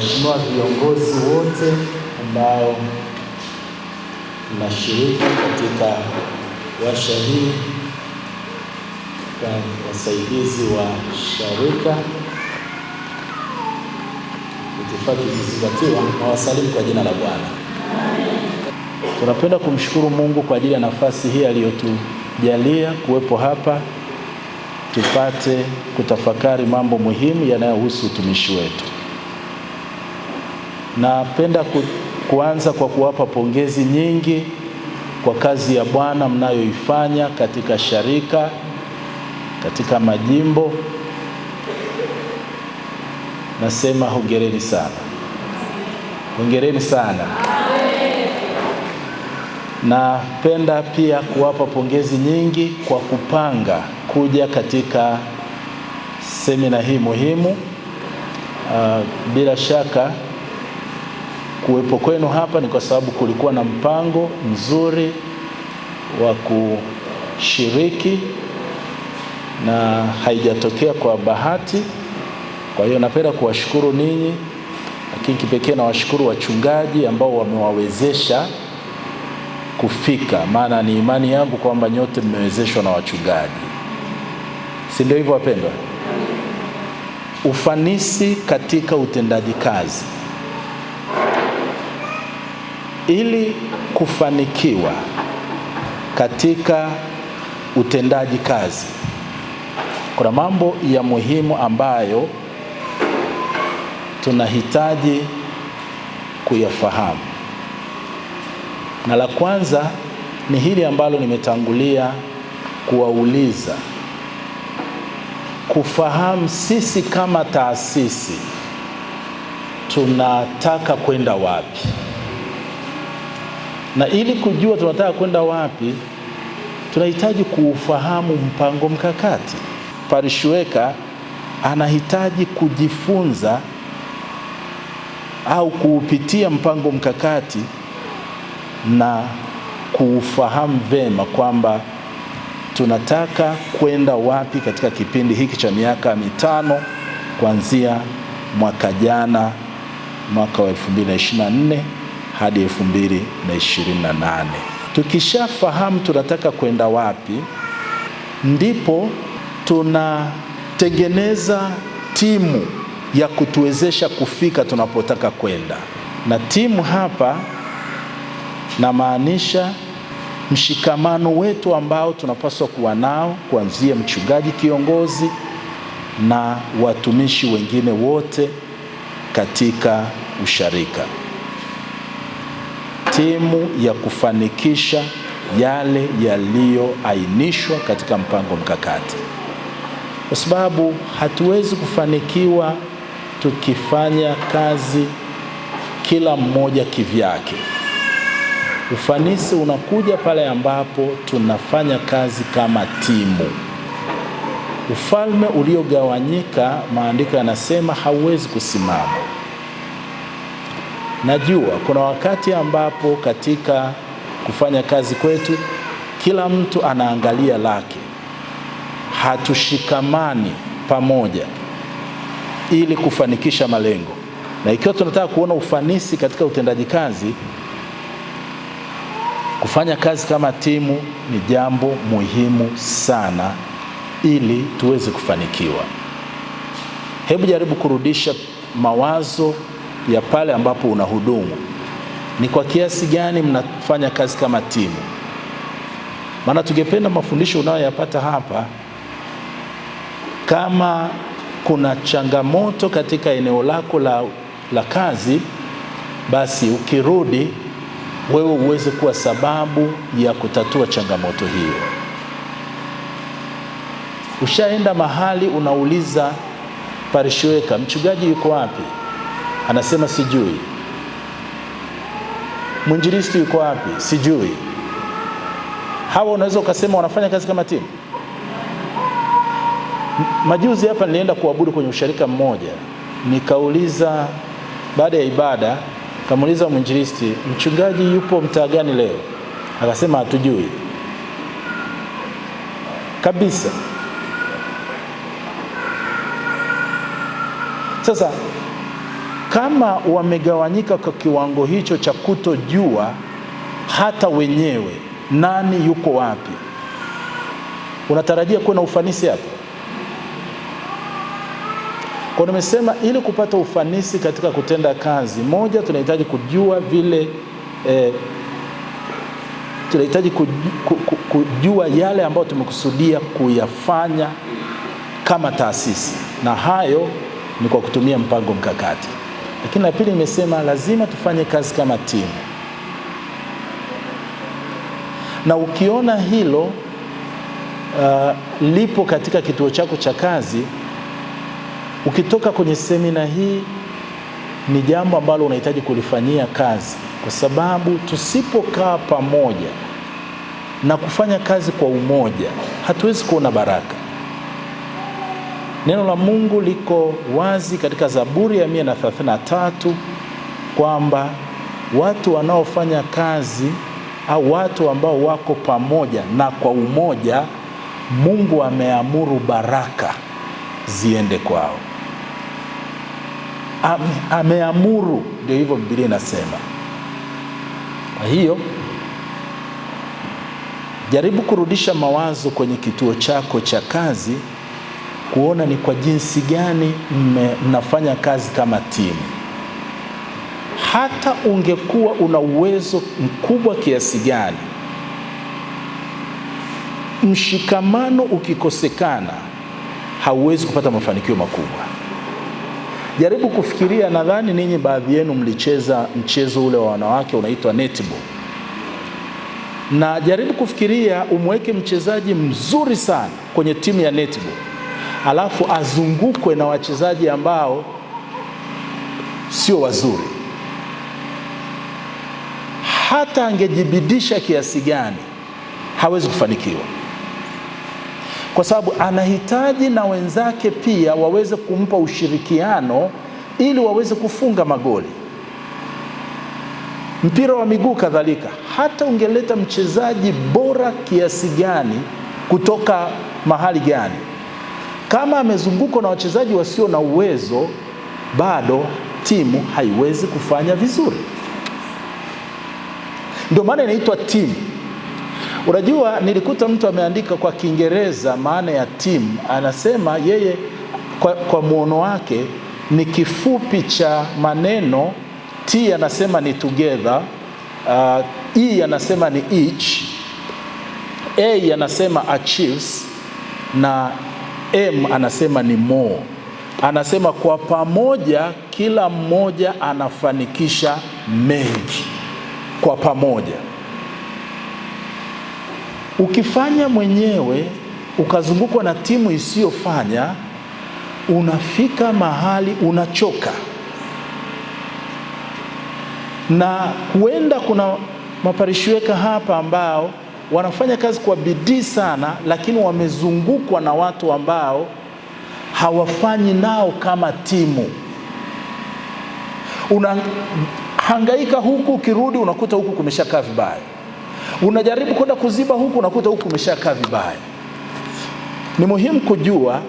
waheshimiwa viongozi wote ambao mnashiriki katika washa hii, wasaidizi wa sharika, itifaki kuzingatiwa na wasalimu kwa jina la Bwana. Tunapenda kumshukuru Mungu kwa ajili ya nafasi hii aliyotujalia kuwepo hapa tupate kutafakari mambo muhimu yanayohusu utumishi wetu. Napenda ku, kuanza kwa kuwapa pongezi nyingi kwa kazi ya Bwana mnayoifanya katika sharika, katika majimbo. Nasema hongereni sana, hongereni sana. Napenda pia kuwapa pongezi nyingi kwa kupanga kuja katika semina hii muhimu. Uh, bila shaka kuwepo kwenu hapa ni kwa sababu kulikuwa na mpango mzuri wa kushiriki na haijatokea kwa bahati. Kwa hiyo napenda kuwashukuru ninyi, lakini kipekee nawashukuru wachungaji ambao wamewawezesha kufika, maana ni imani yangu kwamba nyote mmewezeshwa na wachungaji, si ndio hivyo wapendwa? Ufanisi katika utendaji kazi ili kufanikiwa katika utendaji kazi, kuna mambo ya muhimu ambayo tunahitaji kuyafahamu, na la kwanza ni hili ambalo nimetangulia kuwauliza, kufahamu sisi kama taasisi tunataka kwenda wapi na ili kujua tunataka kwenda wapi, tunahitaji kuufahamu mpango mkakati. Parishweka anahitaji kujifunza au kuupitia mpango mkakati na kuufahamu vema kwamba tunataka kwenda wapi katika kipindi hiki cha miaka mitano kuanzia mwaka jana, mwaka wa 2024 hadi 2028. Tukishafahamu tunataka kwenda wapi, ndipo tunatengeneza timu ya kutuwezesha kufika tunapotaka kwenda. Na timu hapa namaanisha mshikamano wetu ambao tunapaswa kuwa nao kuanzia mchungaji kiongozi na watumishi wengine wote katika usharika timu ya kufanikisha yale yaliyoainishwa katika mpango mkakati, kwa sababu hatuwezi kufanikiwa tukifanya kazi kila mmoja kivyake. Ufanisi unakuja pale ambapo tunafanya kazi kama timu. Ufalme uliogawanyika, maandiko yanasema, hauwezi kusimama. Najua kuna wakati ambapo katika kufanya kazi kwetu kila mtu anaangalia lake, hatushikamani pamoja ili kufanikisha malengo. Na ikiwa tunataka kuona ufanisi katika utendaji kazi, kufanya kazi kama timu ni jambo muhimu sana ili tuweze kufanikiwa. Hebu jaribu kurudisha mawazo ya pale ambapo unahudumu ni kwa kiasi gani mnafanya kazi kama timu. Maana tungependa mafundisho unayoyapata hapa, kama kuna changamoto katika eneo lako la, la kazi, basi ukirudi wewe uweze kuwa sababu ya kutatua changamoto hiyo. Ushaenda mahali unauliza parishweka, mchungaji yuko wapi? anasema sijui. Mwinjilisti yuko wapi? Sijui. Hawa unaweza ukasema wanafanya kazi kama timu. Majuzi hapa nilienda kuabudu kwenye usharika mmoja, nikauliza baada ya ibada, kamuuliza mwinjilisti, mchungaji yupo mtaa gani leo? Akasema hatujui kabisa. Sasa kama wamegawanyika kwa kiwango hicho cha kutojua hata wenyewe nani yuko wapi, unatarajia kuwe na ufanisi hapo? Kwa nimesema ili kupata ufanisi katika kutenda kazi, moja, tunahitaji kujua vile eh, tunahitaji kujua yale ambayo tumekusudia kuyafanya kama taasisi, na hayo ni kwa kutumia mpango mkakati. Lakini la pili, nimesema lazima tufanye kazi kama timu, na ukiona hilo uh, lipo katika kituo chako cha kazi, ukitoka kwenye semina hii, ni jambo ambalo unahitaji kulifanyia kazi, kwa sababu tusipokaa pamoja na kufanya kazi kwa umoja, hatuwezi kuona baraka. Neno la Mungu liko wazi katika Zaburi ya 133 kwamba watu wanaofanya kazi au watu ambao wako pamoja na kwa umoja, Mungu ameamuru baraka ziende kwao. Ame, ameamuru, ndio hivyo Biblia inasema. Kwa hiyo jaribu kurudisha mawazo kwenye kituo chako cha kazi kuona ni kwa jinsi gani mnafanya kazi kama timu. Hata ungekuwa una uwezo mkubwa kiasi gani, mshikamano ukikosekana, hauwezi kupata mafanikio makubwa. Jaribu kufikiria, nadhani ninyi baadhi yenu mlicheza mchezo ule wa wanawake unaitwa netball, na jaribu kufikiria umweke mchezaji mzuri sana kwenye timu ya netball alafu azungukwe na wachezaji ambao sio wazuri, hata angejibidisha kiasi gani hawezi kufanikiwa, kwa sababu anahitaji na wenzake pia waweze kumpa ushirikiano ili waweze kufunga magoli. Mpira wa miguu kadhalika, hata ungeleta mchezaji bora kiasi gani kutoka mahali gani kama amezungukwa na wachezaji wasio na uwezo, bado timu haiwezi kufanya vizuri. Ndio maana inaitwa timu. Unajua, nilikuta mtu ameandika kwa Kiingereza maana ya timu, anasema yeye kwa, kwa muono wake ni kifupi cha maneno T anasema ni together, uh, E anasema ni each, A anasema achieves na M anasema ni more, anasema kwa pamoja, kila mmoja anafanikisha mengi kwa pamoja. Ukifanya mwenyewe ukazungukwa na timu isiyofanya, unafika mahali unachoka, na huenda kuna maparishweka hapa ambao wanafanya kazi kwa bidii sana, lakini wamezungukwa na watu ambao hawafanyi nao kama timu. Unahangaika huku, ukirudi unakuta huku kumeshakaa vibaya, unajaribu kwenda kuziba huku, unakuta huku kumeshakaa vibaya. Ni muhimu kujua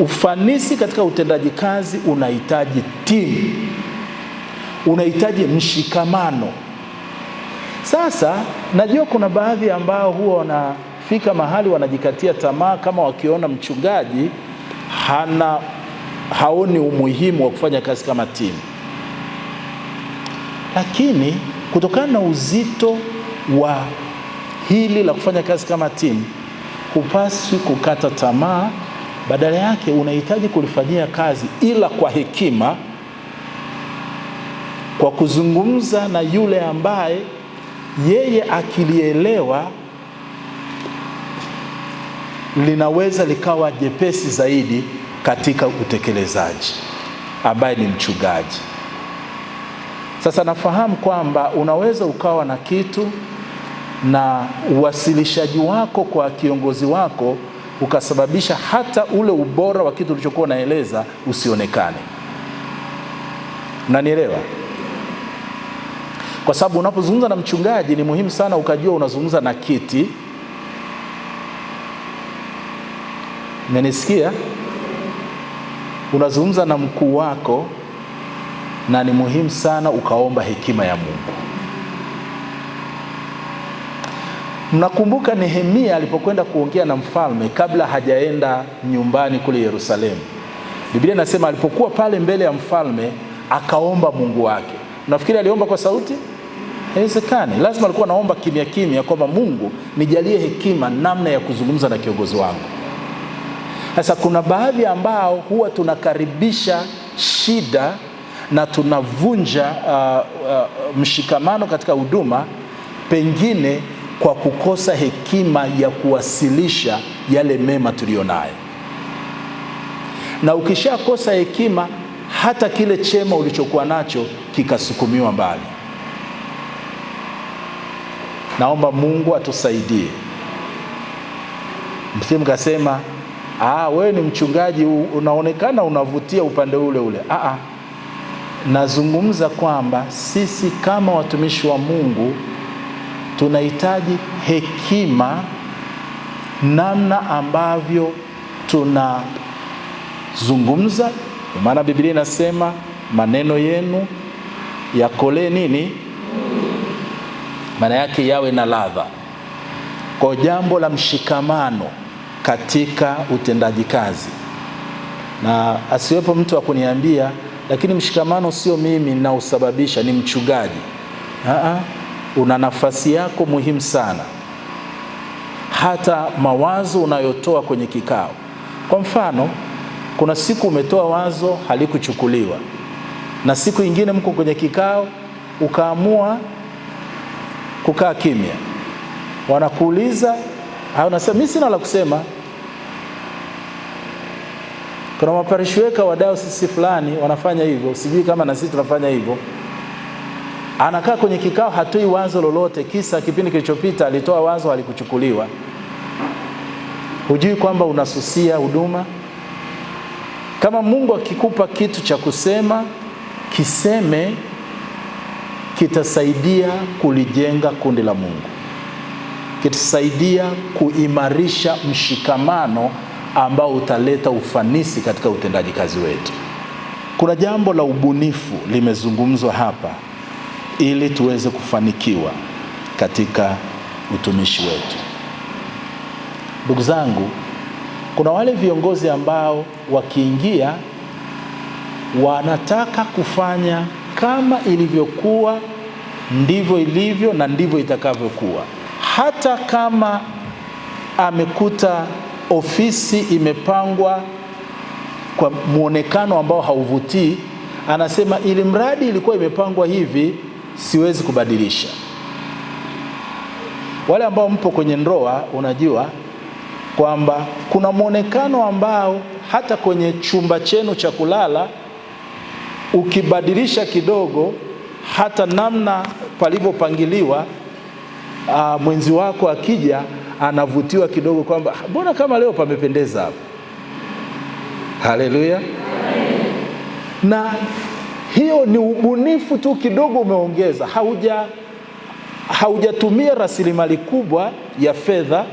ufanisi katika utendaji kazi unahitaji timu, unahitaji mshikamano. Sasa najua kuna baadhi ambao huwa wanafika mahali wanajikatia tamaa kama wakiona mchungaji hana haoni umuhimu wa kufanya kazi kama timu, lakini kutokana na uzito wa hili la kufanya kazi kama timu, hupaswi kukata tamaa. Badala yake unahitaji kulifanyia kazi, ila kwa hekima, kwa kuzungumza na yule ambaye yeye akilielewa linaweza likawa jepesi zaidi katika utekelezaji, ambaye ni mchungaji. Sasa nafahamu kwamba unaweza ukawa na kitu na uwasilishaji wako kwa kiongozi wako ukasababisha hata ule ubora wa kitu ulichokuwa unaeleza usionekane. Unanielewa? kwa sababu unapozungumza na mchungaji ni muhimu sana ukajua unazungumza na kiti. Umenisikia? Unazungumza na mkuu wako, na ni muhimu sana ukaomba hekima ya Mungu. Mnakumbuka Nehemia alipokwenda kuongea na mfalme kabla hajaenda nyumbani kule Yerusalemu. Biblia inasema alipokuwa pale mbele ya mfalme akaomba Mungu wake. Nafikiri aliomba kwa sauti Haiwezekani. Lazima alikuwa naomba kimya kimya kwamba Mungu nijalie hekima namna ya kuzungumza na kiongozi wangu. Sasa kuna baadhi ambao huwa tunakaribisha shida na tunavunja uh, uh, mshikamano katika huduma pengine kwa kukosa hekima ya kuwasilisha yale mema tuliyonayo. Na ukishakosa hekima, hata kile chema ulichokuwa nacho kikasukumiwa mbali. Naomba Mungu atusaidie. Msimu kasema ah, wewe ni mchungaji unaonekana unavutia upande ule ule. ah. nazungumza kwamba sisi kama watumishi wa Mungu tunahitaji hekima, namna ambavyo tunazungumza, maana Biblia inasema maneno yenu yakole nini maana yake yawe na ladha. Kwa jambo la mshikamano katika utendaji kazi, na asiwepo mtu akuniambia lakini mshikamano sio mimi nausababisha, ni mchungaji. Aa, una nafasi yako muhimu sana, hata mawazo unayotoa kwenye kikao. Kwa mfano, kuna siku umetoa wazo halikuchukuliwa, na siku ingine mko kwenye kikao ukaamua kukaa kimya. Wanakuuliza unasema mimi sina la kusema. Kuna maparishi wa dayosisi fulani wanafanya hivyo, sijui kama na sisi tunafanya hivyo. Anakaa kwenye kikao, hatoi wazo lolote, kisa kipindi kilichopita alitoa wazo halikuchukuliwa. Hujui kwamba unasusia huduma? Kama Mungu akikupa kitu cha kusema, kiseme kitasaidia kulijenga kundi la Mungu, kitasaidia kuimarisha mshikamano ambao utaleta ufanisi katika utendaji kazi wetu. Kuna jambo la ubunifu limezungumzwa hapa ili tuweze kufanikiwa katika utumishi wetu. Ndugu zangu, kuna wale viongozi ambao wakiingia wanataka kufanya kama ilivyokuwa ndivyo ilivyo na ndivyo itakavyokuwa. Hata kama amekuta ofisi imepangwa kwa mwonekano ambao hauvutii, anasema ili mradi ilikuwa imepangwa hivi, siwezi kubadilisha. Wale ambao mpo kwenye ndoa, unajua kwamba kuna mwonekano ambao hata kwenye chumba chenu cha kulala ukibadilisha kidogo hata namna palivyopangiliwa, uh, mwenzi wako akija anavutiwa kidogo kwamba ah, mbona kama leo pamependeza hapa. Haleluya! Na hiyo ni ubunifu tu kidogo umeongeza, hauja haujatumia rasilimali kubwa ya fedha,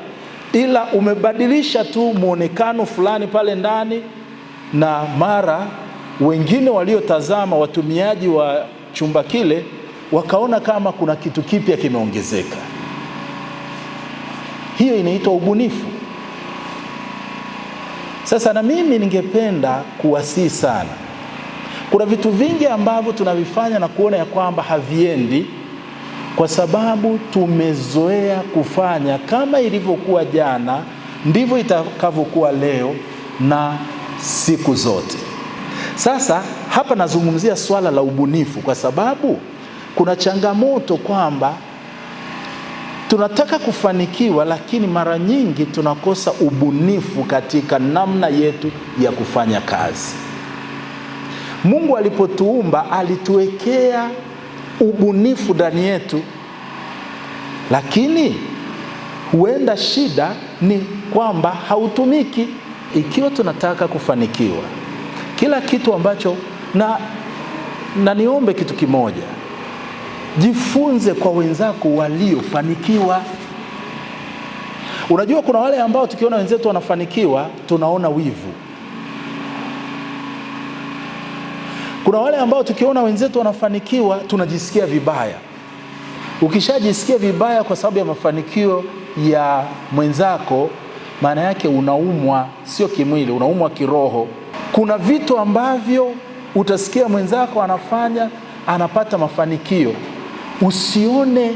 ila umebadilisha tu mwonekano fulani pale ndani na mara wengine waliotazama, watumiaji wa chumba kile wakaona kama kuna kitu kipya kimeongezeka. Hiyo inaitwa ubunifu. Sasa na mimi ningependa kuwasihi sana, kuna vitu vingi ambavyo tunavifanya na kuona ya kwamba haviendi kwa sababu tumezoea kufanya kama ilivyokuwa jana, ndivyo itakavyokuwa leo na siku zote. Sasa hapa nazungumzia swala la ubunifu, kwa sababu kuna changamoto kwamba tunataka kufanikiwa, lakini mara nyingi tunakosa ubunifu katika namna yetu ya kufanya kazi. Mungu alipotuumba alituwekea ubunifu ndani yetu, lakini huenda shida ni kwamba hautumiki. Ikiwa tunataka kufanikiwa kila kitu ambacho na, na niombe kitu kimoja, jifunze kwa wenzako waliofanikiwa. Unajua, kuna wale ambao tukiona wenzetu wanafanikiwa tunaona wivu. Kuna wale ambao tukiona wenzetu wanafanikiwa tunajisikia vibaya. Ukishajisikia vibaya kwa sababu ya mafanikio ya mwenzako, maana yake unaumwa, sio kimwili, unaumwa kiroho. Kuna vitu ambavyo utasikia mwenzako anafanya, anapata mafanikio. Usione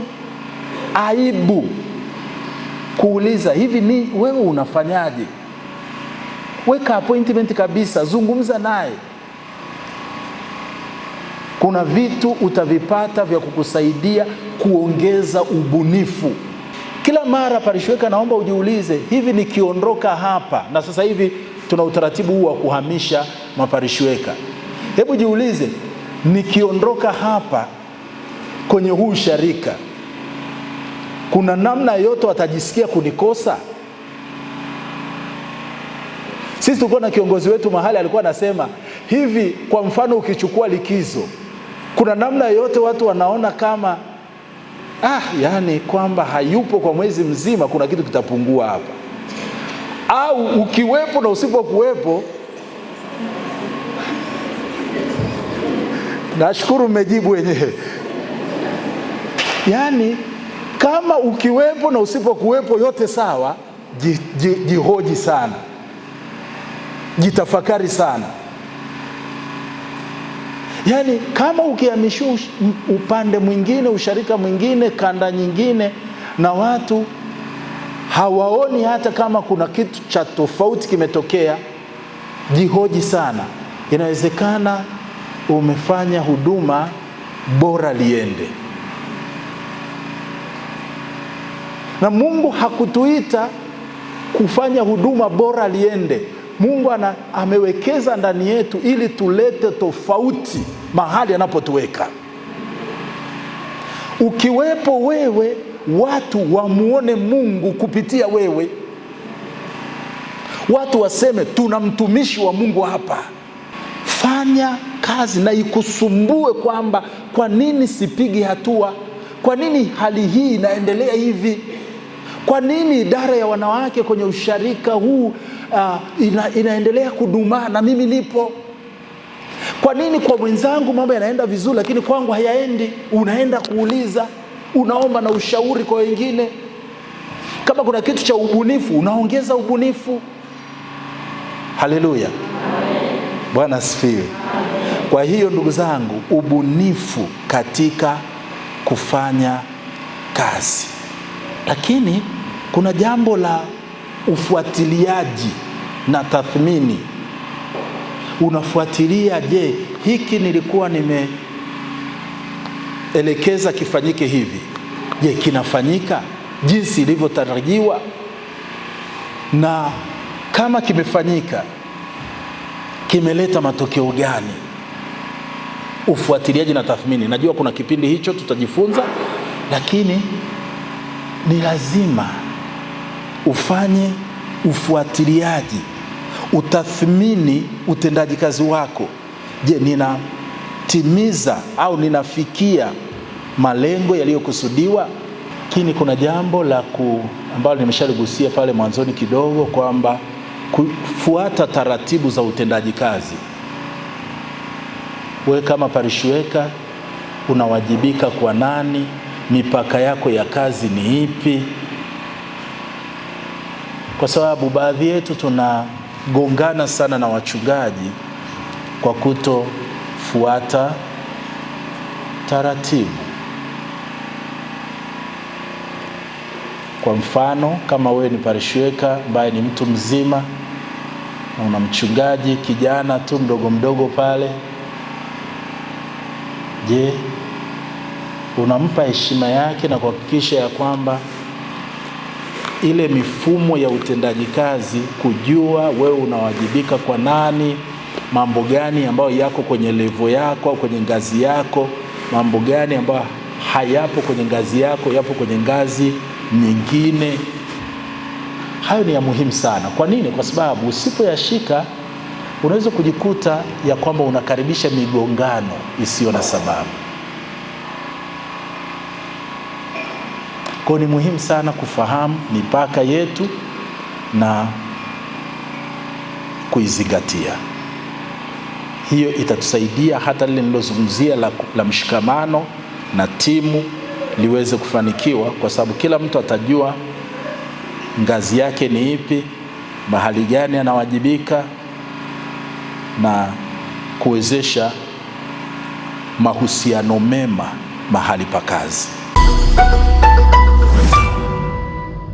aibu kuuliza hivi, ni wewe unafanyaje? Weka appointment kabisa, zungumza naye. Kuna vitu utavipata vya kukusaidia kuongeza ubunifu. Kila mara parishweka, naomba ujiulize, hivi nikiondoka hapa na sasa hivi tuna utaratibu huu wa kuhamisha maparishweka. Hebu jiulize, nikiondoka hapa kwenye huu sharika kuna namna yote watajisikia kunikosa? Sisi tulikuwa na kiongozi wetu mahali alikuwa anasema hivi, kwa mfano, ukichukua likizo, kuna namna yote watu wanaona kama ah, yani kwamba hayupo kwa mwezi mzima, kuna kitu kitapungua hapa au ukiwepo na usipokuwepo. Nashukuru mmejibu wenyewe. Yaani, kama ukiwepo na usipokuwepo yote sawa, jihoji ji, sana, jitafakari sana. Yaani, kama ukihamishwa upande mwingine, usharika mwingine, kanda nyingine na watu hawaoni hata kama kuna kitu cha tofauti kimetokea. Jihoji sana, inawezekana umefanya huduma bora liende. Na Mungu hakutuita kufanya huduma bora liende. Mungu ana, amewekeza ndani yetu ili tulete tofauti mahali anapotuweka. Ukiwepo wewe watu wamuone Mungu kupitia wewe, watu waseme tuna mtumishi wa Mungu hapa. Fanya kazi na ikusumbue kwamba kwa nini sipigi hatua, kwa nini hali hii inaendelea hivi, kwa nini idara ya wanawake kwenye usharika huu uh, ina, inaendelea kudumaa na mimi nipo kwa nini kwa mwenzangu mambo yanaenda vizuri, lakini kwangu hayaendi? Unaenda kuuliza unaomba na ushauri kwa wengine. Kama kuna kitu cha ubunifu, unaongeza ubunifu. Haleluya, Bwana asifiwe. Kwa hiyo ndugu zangu, ubunifu katika kufanya kazi, lakini kuna jambo la ufuatiliaji na tathmini. Unafuatilia, je, hiki nilikuwa nime elekeza kifanyike hivi. Je, kinafanyika jinsi ilivyotarajiwa? Na kama kimefanyika, kimeleta matokeo gani? Ufuatiliaji na tathmini. Najua kuna kipindi hicho tutajifunza, lakini ni lazima ufanye ufuatiliaji, utathmini utendaji kazi wako. Je, ninatimiza au ninafikia malengo yaliyokusudiwa. Lakini kuna jambo la ku ambalo nimeshaligusia pale mwanzoni kidogo kwamba kufuata taratibu za utendaji kazi, wewe kama parishweka unawajibika kwa nani? Mipaka yako ya kazi ni ipi? Kwa sababu baadhi yetu tunagongana sana na wachungaji kwa kutofuata taratibu. Kwa mfano kama wewe ni parishweka ambaye ni mtu mzima na una mchungaji kijana tu mdogo mdogo pale, je, unampa heshima yake na kuhakikisha ya kwamba ile mifumo ya utendaji kazi, kujua wewe unawajibika kwa nani, mambo gani ambayo yako kwenye levo yako au kwenye ngazi yako, mambo gani ambayo hayapo kwenye ngazi yako, yapo kwenye ngazi nyingine. Hayo ni ya muhimu sana. Kwa nini? Kwa sababu usipoyashika unaweza kujikuta ya kwamba unakaribisha migongano isiyo na sababu. Kwa ni muhimu sana kufahamu mipaka yetu na kuizingatia. Hiyo itatusaidia hata lile nilozungumzia la, la mshikamano na timu liweze kufanikiwa, kwa sababu kila mtu atajua ngazi yake ni ipi, mahali gani anawajibika, na kuwezesha mahusiano mema mahali pa kazi.